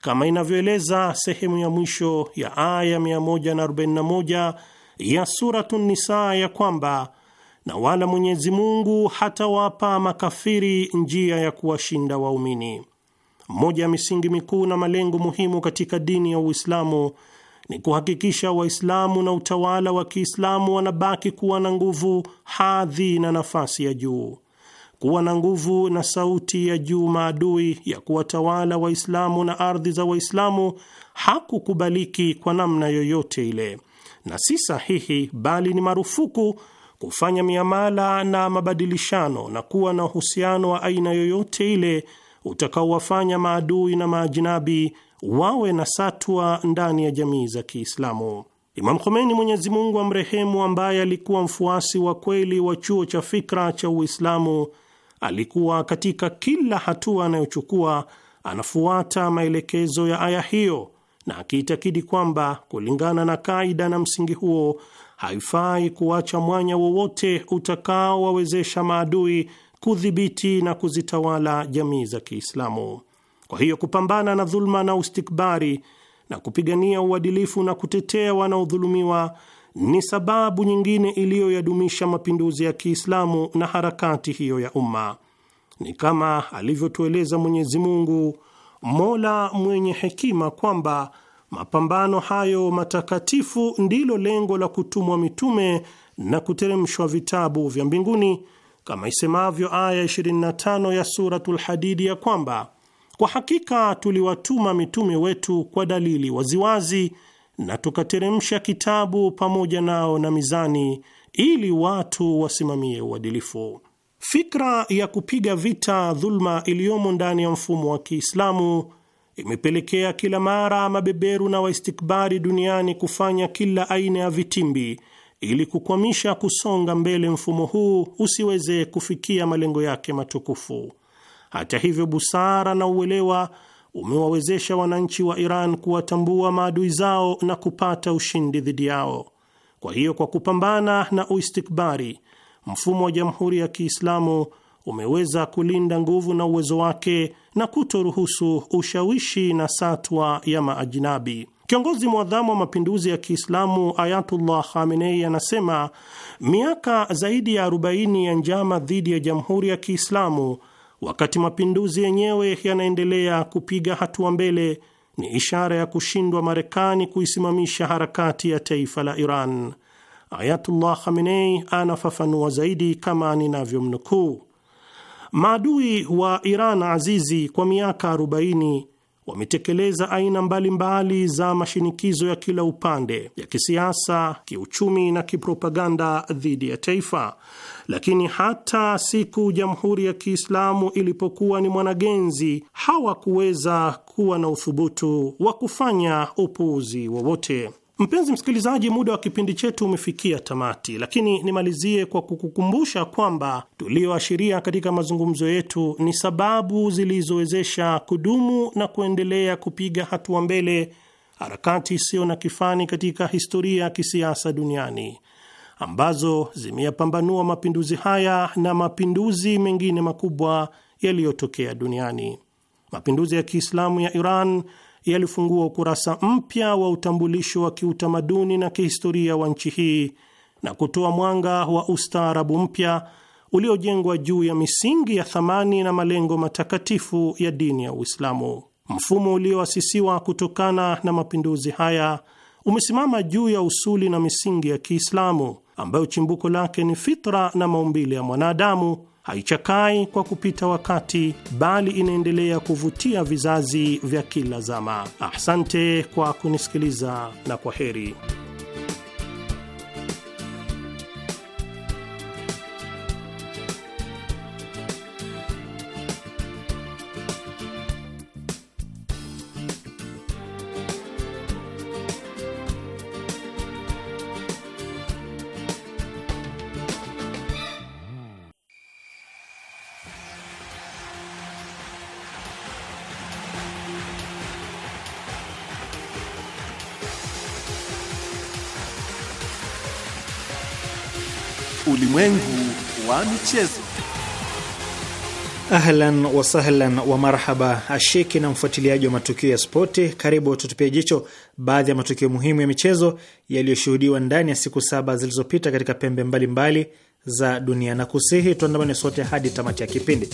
kama inavyoeleza sehemu ya mwisho ya aya 141 ya Suratu Nisaa ya kwamba na wala Mwenyezi Mungu hatawapa makafiri njia ya kuwashinda waumini. Moja ya misingi mikuu na malengo muhimu katika dini ya Uislamu ni kuhakikisha Waislamu na utawala wa Kiislamu wanabaki kuwa na nguvu, hadhi na nafasi ya juu, kuwa na nguvu na sauti ya juu. Maadui ya kuwatawala Waislamu na ardhi za Waislamu hakukubaliki kwa namna yoyote ile, na si sahihi bali ni marufuku kufanya miamala na mabadilishano na kuwa na uhusiano wa aina yoyote ile utakaowafanya maadui na maajinabi wawe na satwa ndani ya jamii za Kiislamu. Imam Khomeini, Mwenyezi Mungu amrehemu, ambaye alikuwa mfuasi wa kweli wa chuo cha fikra cha Uislamu, alikuwa katika kila hatua anayochukua anafuata maelekezo ya aya hiyo na akiitakidi kwamba kulingana na kaida na msingi huo haifai kuacha mwanya wowote utakaowawezesha maadui kudhibiti na kuzitawala jamii za Kiislamu. Kwa hiyo kupambana na dhuluma na ustikbari na kupigania uadilifu na kutetea wanaodhulumiwa ni sababu nyingine iliyoyadumisha mapinduzi ya Kiislamu na harakati hiyo ya umma. Ni kama alivyotueleza Mwenyezi Mungu Mola mwenye hekima kwamba mapambano hayo matakatifu ndilo lengo la kutumwa mitume na kuteremshwa vitabu vya mbinguni kama isemavyo aya 25 ya Suratul Hadidi ya kwamba kwa hakika tuliwatuma mitume wetu kwa dalili waziwazi na tukateremsha kitabu pamoja nao na mizani ili watu wasimamie uadilifu. Fikra ya kupiga vita dhulma iliyomo ndani ya mfumo wa Kiislamu imepelekea kila mara mabeberu na waistikbari duniani kufanya kila aina ya vitimbi ili kukwamisha kusonga mbele mfumo huu usiweze kufikia malengo yake matukufu. Hata hivyo, busara na uelewa umewawezesha wananchi wa Iran kuwatambua maadui zao na kupata ushindi dhidi yao. Kwa hiyo, kwa kupambana na uistikbari, mfumo wa Jamhuri ya Kiislamu umeweza kulinda nguvu na uwezo wake na kutoruhusu ushawishi na satwa ya maajinabi. Kiongozi mwadhamu wa mapinduzi ya Kiislamu Ayatullah Khamenei anasema miaka zaidi ya 40 ya njama dhidi ya jamhuri ya Kiislamu, wakati mapinduzi yenyewe yanaendelea kupiga hatua mbele, ni ishara ya kushindwa Marekani kuisimamisha harakati ya taifa la Iran. Ayatullah Khamenei anafafanua zaidi kama ninavyomnukuu: maadui wa Iran azizi kwa miaka wametekeleza aina mbalimbali mbali za mashinikizo ya kila upande ya kisiasa, kiuchumi na kipropaganda dhidi ya taifa. Lakini hata siku Jamhuri ya Kiislamu ilipokuwa ni mwanagenzi, hawakuweza kuwa na uthubutu wa kufanya upuuzi wowote. Mpenzi msikilizaji, muda wa kipindi chetu umefikia tamati, lakini nimalizie kwa kukukumbusha kwamba tulioashiria katika mazungumzo yetu ni sababu zilizowezesha kudumu na kuendelea kupiga hatua mbele harakati isiyo na kifani katika historia ya kisiasa duniani ambazo zimeyapambanua mapinduzi haya na mapinduzi mengine makubwa yaliyotokea duniani. Mapinduzi ya Kiislamu ya Iran yalifungua ukurasa mpya wa utambulisho wa kiutamaduni na kihistoria wa nchi hii na kutoa mwanga wa ustaarabu mpya uliojengwa juu ya misingi ya thamani na malengo matakatifu ya dini ya Uislamu. Mfumo ulioasisiwa kutokana na mapinduzi haya umesimama juu ya usuli na misingi ya Kiislamu ambayo chimbuko lake ni fitra na maumbile ya mwanadamu haichakai kwa kupita wakati, bali inaendelea kuvutia vizazi vya kila zama. Asante kwa kunisikiliza na kwa heri. michezo. Ahlan wasahlan wa marhaba, ashiki na mfuatiliaji wa matukio ya spoti, karibu tutupie jicho baadhi ya matukio muhimu ya michezo yaliyoshuhudiwa ndani ya siku saba zilizopita katika pembe mbalimbali mbali za dunia, na kusihi tuandamane sote hadi tamati ya kipindi.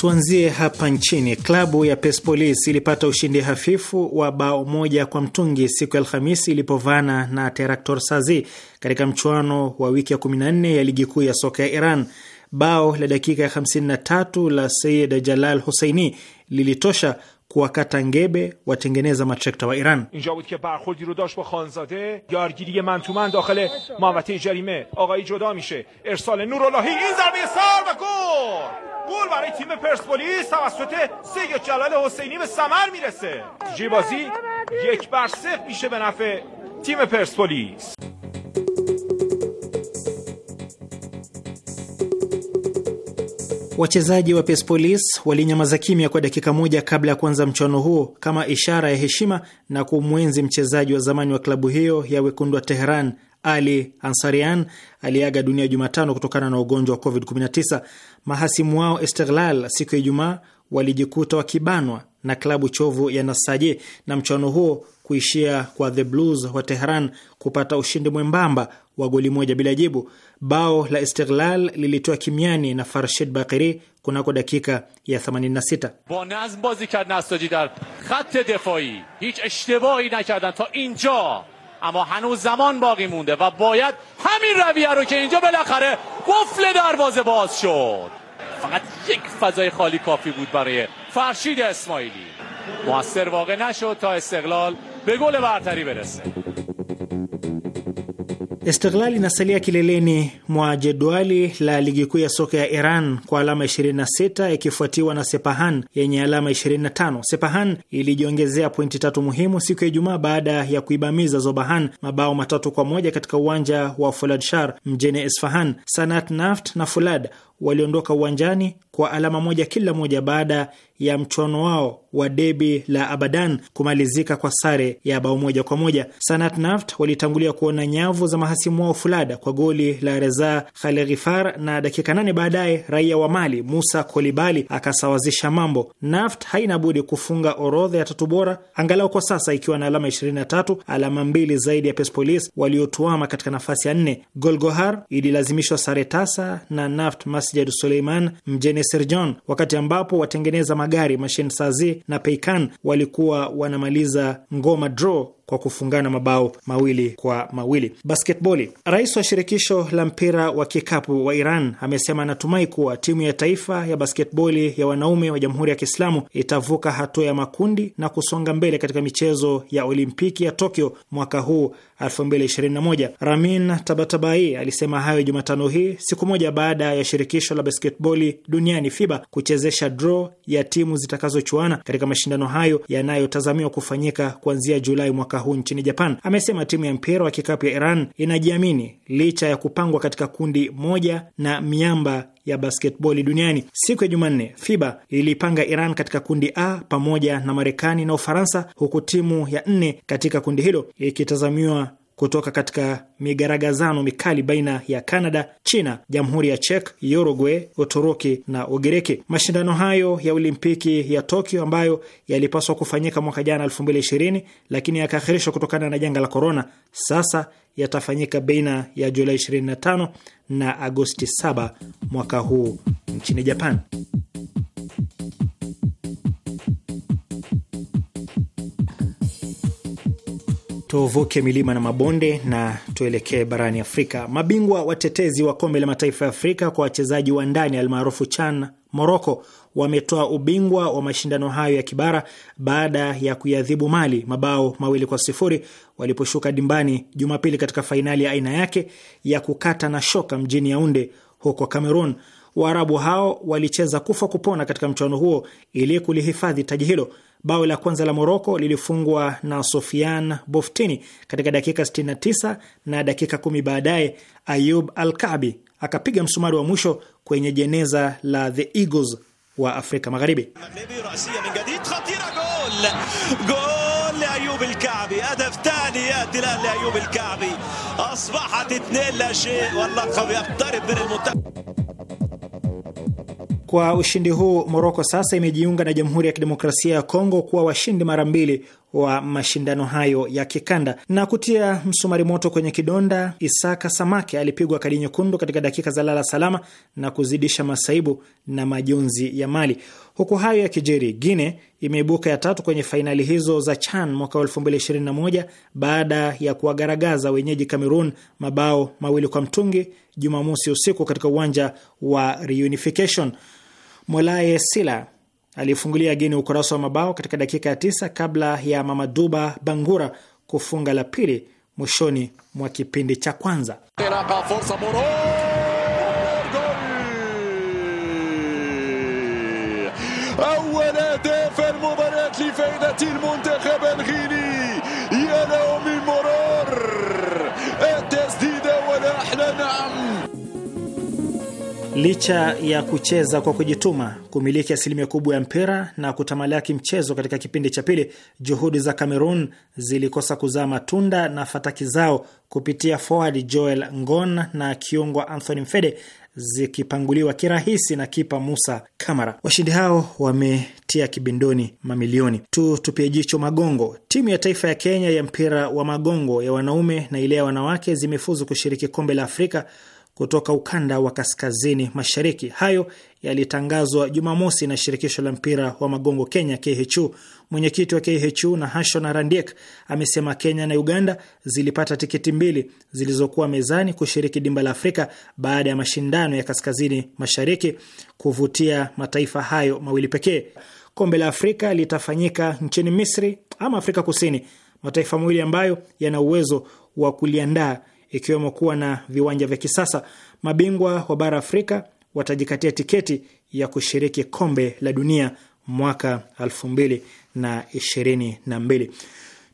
Tuanzie hapa nchini. Klabu ya Persepolis ilipata ushindi hafifu wa bao moja kwa mtungi siku ya Alhamisi ilipovana na Teraktor Sazi katika mchuano wa wiki ya 14 ya ligi kuu ya soka ya Iran. Bao la dakika ya 53 la Seyed Jalal husseini lilitosha kuwakata ngebe watengeneza matrekta wa ایران اینجا بود که برخوردی رو داشت با خانزاده یارگیری منتومن داخل محوطه جریمه آقایی جدا میشه ارسال نوراللهی این ضربه سر و گل گل برای تیم پرسپولیس توسط سه جلال حسینی به ثمر میرسه جیبازی یک بر صفر میشه به نفع تیم پرسپولیس Wachezaji wa Persepolis walinyamaza kimya kwa dakika moja kabla ya kuanza mchuano huo kama ishara ya heshima na kumwenzi mchezaji wa zamani wa klabu hiyo ya wekundu wa Teheran ali Ansarian aliaga dunia Jumatano kutokana na ugonjwa wa COVID-19. Mahasimu wao Esteghlal siku ya Ijumaa walijikuta wakibanwa na klabu chovu ya Nasaje na mchuano huo kuishia kwa the Blues wa Tehran kupata ushindi mwembamba گ موج بلجی بود با اوهله استقلاللیلی تو که مینی نهفرشید بقیی کنک د کیک با نظم بازی کرد نستاجی در خط دفاعی هیچ اشتباهی نکردن تا اینجا اما هنوز زمان باقی مونده و باید همین رویه رو که اینجا بالاخره قفل دروازه باز شد فقط یک فضای خالی کافی بود برای فرشید اسماعیلی با واقع نشد تا استقلال به گل برتری برسه Istiklal inasalia kileleni mwa jedwali la ligi kuu ya soka ya Iran kwa alama 26 ikifuatiwa na Sepahan yenye alama 25. Sepahan ilijiongezea pointi tatu muhimu siku ya Ijumaa baada ya kuibamiza Zobahan mabao matatu kwa moja katika uwanja wa Fuladshar mjini Isfahan. Sanat Naft na Fulad waliondoka uwanjani kwa alama moja kila moja baada ya mchuano wao wa debi la Abadan kumalizika kwa sare ya bao moja kwa moja. Sanat Naft walitangulia kuona nyavu za mahasimu wao Fulada kwa goli la Reza Khaleghifar, na dakika nane baadaye raia wa Mali Musa Kolibali akasawazisha mambo. Naft haina budi kufunga orodha ya tatu bora angalau kwa sasa, ikiwa na alama 23, alama mbili zaidi ya Persepolis waliotuama katika nafasi ya nne. Golgohar ililazimishwa sare tasa na Naft Masjid Suleiman mjini Sirjon, wakati ambapo watengeneza magari Mashin Sazi na Peikan walikuwa wanamaliza ngoma draw kwa kufungana mabao mawili kwa mawili. Basketboli. Rais wa shirikisho la mpira wa kikapu wa Iran amesema anatumai kuwa timu ya taifa ya basketboli ya wanaume wa Jamhuri ya Kiislamu itavuka hatua ya makundi na kusonga mbele katika michezo ya Olimpiki ya Tokyo mwaka huu 2021. Ramin Tabatabai alisema hayo Jumatano hii siku moja baada ya shirikisho la basketboli duniani FIBA kuchezesha draw ya timu zitakazochuana katika mashindano hayo yanayotazamiwa kufanyika kuanzia Julai mwaka huu nchini Japan. Amesema timu ya mpira wa kikapu ya Iran inajiamini licha ya kupangwa katika kundi moja na miamba ya basketboli duniani. Siku ya Jumanne, FIBA ilipanga Iran katika kundi A pamoja na Marekani na Ufaransa, huku timu ya nne katika kundi hilo ikitazamiwa kutoka katika migaragazano mikali baina ya Canada, China, Jamhuri ya chek Uruguay, Uturuki na Ugiriki. Mashindano hayo ya Olimpiki ya Tokyo ambayo yalipaswa kufanyika mwaka jana 2020 lakini yakaahirishwa kutokana na janga la korona, sasa yatafanyika baina ya Julai 25 na Agosti 7 mwaka huu nchini Japan. tuvuke milima na mabonde na tuelekee barani Afrika. Mabingwa watetezi wa kombe la mataifa ya Afrika kwa wachezaji wa ndani almaarufu CHAN Moroko wametoa ubingwa wa mashindano hayo ya kibara baada ya kuiadhibu Mali mabao mawili kwa sifuri waliposhuka dimbani Jumapili katika fainali ya aina yake ya kukata na shoka mjini Yaunde huko Cameroon. Waarabu hao walicheza kufa kupona katika mchuano huo ili kulihifadhi taji hilo. Bao la kwanza la Moroko lilifungwa na Sofian Boftini katika dakika 69 na dakika kumi baadaye Ayub Al Kabi akapiga msumari wa mwisho kwenye jeneza la the Eagles wa Afrika Magharibi. Kwa ushindi huu, Moroko sasa imejiunga na Jamhuri ya Kidemokrasia ya Kongo kuwa washindi mara mbili wa mashindano hayo ya kikanda. Na kutia msumari moto kwenye kidonda, Isaka Samake alipigwa kadi nyekundu katika dakika za lala salama na kuzidisha masaibu na majonzi ya Mali. Huku hayo ya kijeri, Guine imeibuka ya tatu kwenye fainali hizo za CHAN mwaka 2021 baada ya kuwagaragaza wenyeji Cameroon mabao mawili kwa mtungi Jumamosi usiku katika uwanja wa Reunification mwalaye Sila alifungulia geni ukurasa wa mabao katika dakika ya tisa kabla ya Mamaduba Bangura kufunga la pili mwishoni mwa kipindi cha kwanza. Licha ya kucheza kwa kujituma, kumiliki asilimia kubwa ya mpira na kutamalaki mchezo katika kipindi cha pili, juhudi za Cameroon zilikosa kuzaa matunda na fataki zao kupitia forward Joel Ngon na kiungwa Anthony Mfede zikipanguliwa kirahisi na kipa Musa Kamara. Washindi hao wametia kibindoni mamilioni tu. Tupie jicho magongo. Timu ya taifa ya Kenya ya mpira wa magongo ya wanaume na ile ya wanawake zimefuzu kushiriki kombe la Afrika kutoka ukanda wa kaskazini mashariki. Hayo yalitangazwa Jumamosi na shirikisho la mpira wa magongo Kenya, KHU. Mwenyekiti wa KHU na Hashona Randiek amesema Kenya na Uganda zilipata tiketi mbili zilizokuwa mezani kushiriki dimba la Afrika baada ya mashindano ya kaskazini mashariki kuvutia mataifa hayo mawili pekee. Kombe la Afrika litafanyika nchini Misri ama Afrika Kusini, mataifa mawili ambayo yana uwezo wa kuliandaa ikiwemo kuwa na viwanja vya kisasa. Mabingwa wa bara Afrika watajikatia tiketi ya kushiriki kombe la dunia mwaka mbili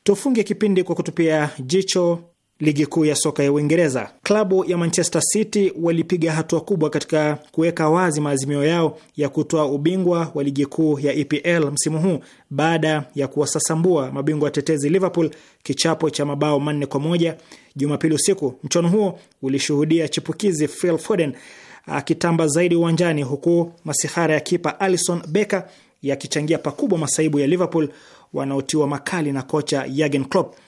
Tufunge kipindi kwa kutupia jicho ligi kuu ya soka ya Uingereza. Klabu ya Manchester City walipiga hatua kubwa katika kuweka wazi maazimio yao ya kutoa ubingwa wa ligi kuu ya EPL msimu huu baada ya kuwasasambua mabingwa watetezi Liverpool kichapo cha mabao manne kwa moja Jumapili usiku. Mchuano huo ulishuhudia chipukizi Phil Foden akitamba zaidi uwanjani, huku masihara ya kipa Alison Becker yakichangia pakubwa masaibu ya Liverpool wanaotiwa makali na kocha Jurgen Klopp.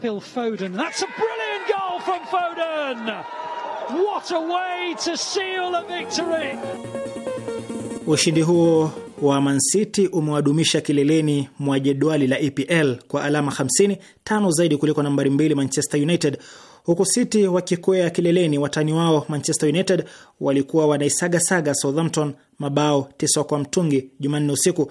Phil Foden. That's a brilliant goal from Foden. What a way to seal a victory. Ushindi huo wa Man City umewadumisha kileleni mwa jedwali la EPL kwa alama 50, tano zaidi kuliko nambari mbili Manchester United. Huku City wakikwea kileleni, watani wao Manchester United walikuwa wanaisagasaga Southampton mabao tisa kwa mtungi Jumanne usiku.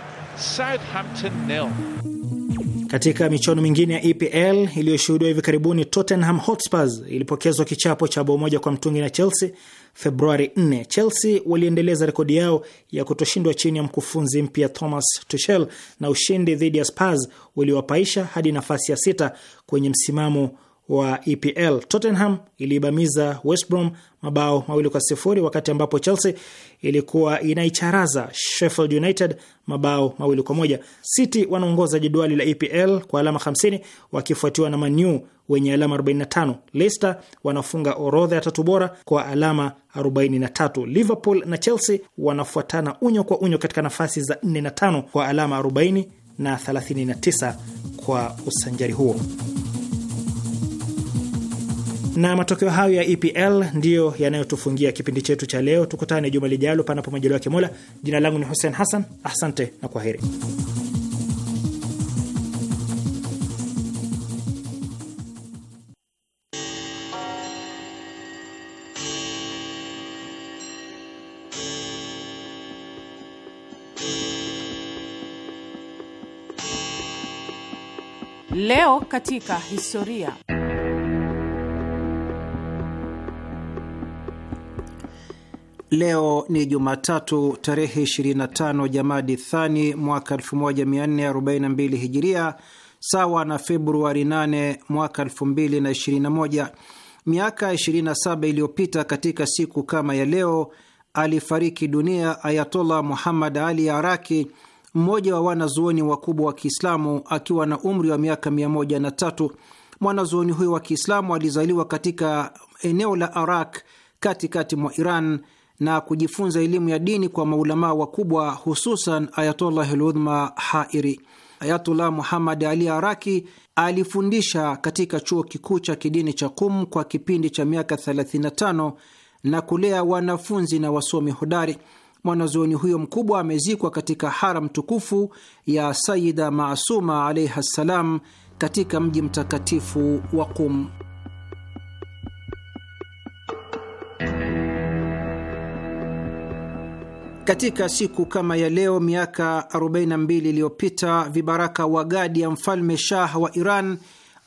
Southampton nil. Katika michuano mingine ya EPL iliyoshuhudiwa hivi karibuni, Tottenham Hotspurs ilipokezwa kichapo cha bao moja kwa mtungi na Chelsea Februari 4. Chelsea waliendeleza rekodi yao ya kutoshindwa chini ya mkufunzi mpya Thomas Tuchel, na ushindi dhidi ya Spurs uliwapaisha hadi nafasi ya sita kwenye msimamo wa EPL. Tottenham iliibamiza West Brom mabao mawili kwa sifuri wakati ambapo Chelsea ilikuwa inaicharaza Sheffield United mabao mawili kwa moja. City wanaongoza jedwali la EPL kwa alama 50 wakifuatiwa na Manu wenye alama 45. Leicester wanafunga orodha ya tatu bora kwa alama 43. Liverpool na Chelsea wanafuatana unyo kwa unyo katika nafasi za 4 na 5 kwa alama 40 na 39 kwa usanjari huo. Na matokeo hayo ya EPL ndiyo yanayotufungia kipindi chetu cha leo. Tukutane juma lijalo, panapo majaliwa ya Mola. Jina langu ni Hussein Hassan, asante na kwaheri. Leo katika historia Leo ni Jumatatu tarehe 25 Jamadi Thani mwaka 1442 Hijiria, sawa na Februari 8 mwaka 2021. Miaka 27 iliyopita katika siku kama ya leo alifariki dunia Ayatollah Muhammad Ali Araki, mmoja wa wanazuoni wakubwa wa Kiislamu akiwa na umri wa miaka 103. Mwanazuoni huyo wa Kiislamu alizaliwa katika eneo la Arak katikati mwa Iran na kujifunza elimu ya dini kwa maulamaa wakubwa, hususan Ayatollah Ludhma Hairi. Ayatullah Muhammad Ali Araki alifundisha katika chuo kikuu cha kidini cha Kum kwa kipindi cha miaka 35 na kulea wanafunzi na wasomi hodari. Mwanazuoni huyo mkubwa amezikwa katika haram tukufu ya Sayida Maasuma alaihi ssalam katika mji mtakatifu wa Kum. Katika siku kama ya leo miaka 42 iliyopita vibaraka wa gadi ya mfalme Shah wa Iran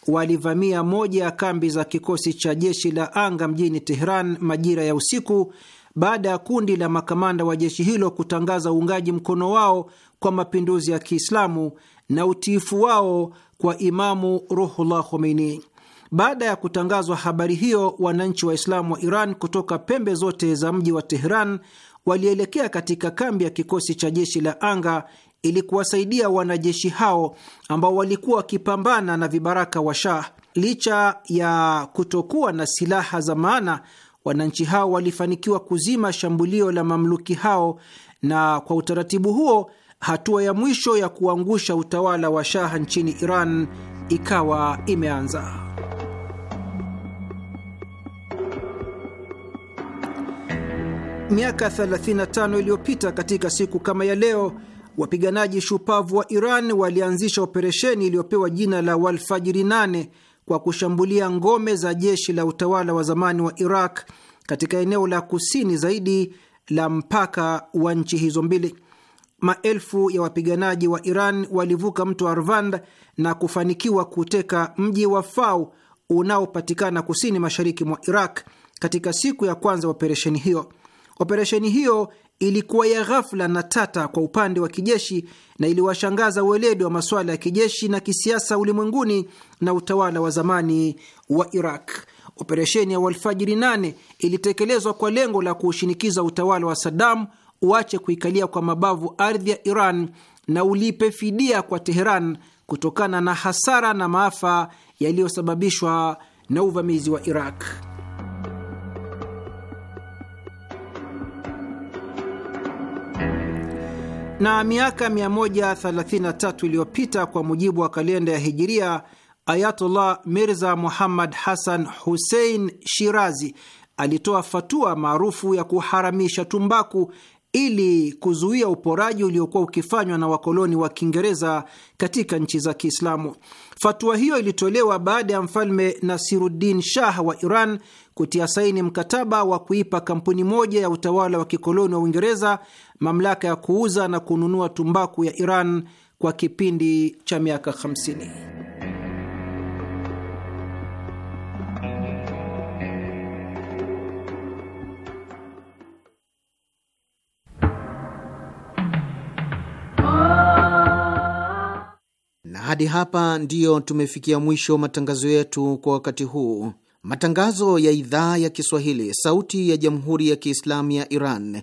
walivamia moja ya kambi za kikosi cha jeshi la anga mjini Tehran majira ya usiku baada ya kundi la makamanda wa jeshi hilo kutangaza uungaji mkono wao kwa mapinduzi ya Kiislamu na utiifu wao kwa Imamu Ruhullah Khomeini. Baada ya kutangazwa habari hiyo, wananchi Waislamu wa Iran kutoka pembe zote za mji wa Tehran walielekea katika kambi ya kikosi cha jeshi la anga ili kuwasaidia wanajeshi hao ambao walikuwa wakipambana na vibaraka wa Shah. Licha ya kutokuwa na silaha za maana, wananchi hao walifanikiwa kuzima shambulio la mamluki hao, na kwa utaratibu huo hatua ya mwisho ya kuangusha utawala wa Shah nchini Iran ikawa imeanza. Miaka 35 iliyopita katika siku kama ya leo, wapiganaji shupavu wa Iran walianzisha operesheni iliyopewa jina la Walfajiri 8 kwa kushambulia ngome za jeshi la utawala wa zamani wa Iraq katika eneo la kusini zaidi la mpaka wa nchi hizo mbili. Maelfu ya wapiganaji wa Iran walivuka mto Arvand na kufanikiwa kuteka mji wa Fau unaopatikana kusini mashariki mwa Iraq katika siku ya kwanza operesheni hiyo. Operesheni hiyo ilikuwa ya ghafla na tata kwa upande wa kijeshi na iliwashangaza ueledi wa masuala ya kijeshi na kisiasa ulimwenguni na utawala wa zamani wa Iraq. Operesheni ya Walfajiri 8 ilitekelezwa kwa lengo la kuushinikiza utawala wa Saddam uache kuikalia kwa mabavu ardhi ya Iran na ulipe fidia kwa Teheran kutokana na hasara na maafa yaliyosababishwa na uvamizi wa Iraq. Na miaka 133 iliyopita kwa mujibu wa kalenda ya Hijiria, Ayatullah Mirza Muhammad Hassan Hussein Shirazi alitoa fatua maarufu ya kuharamisha tumbaku ili kuzuia uporaji uliokuwa ukifanywa na wakoloni wa Kiingereza katika nchi za Kiislamu. Fatua hiyo ilitolewa baada ya mfalme Nasiruddin Shah wa Iran kutia saini mkataba wa kuipa kampuni moja ya utawala wa kikoloni wa Uingereza mamlaka ya kuuza na kununua tumbaku ya Iran kwa kipindi cha miaka 50. Hadi hapa ndiyo tumefikia mwisho matangazo yetu kwa wakati huu. Matangazo ya idhaa ya Kiswahili, sauti ya jamhuri ya kiislamu ya Iran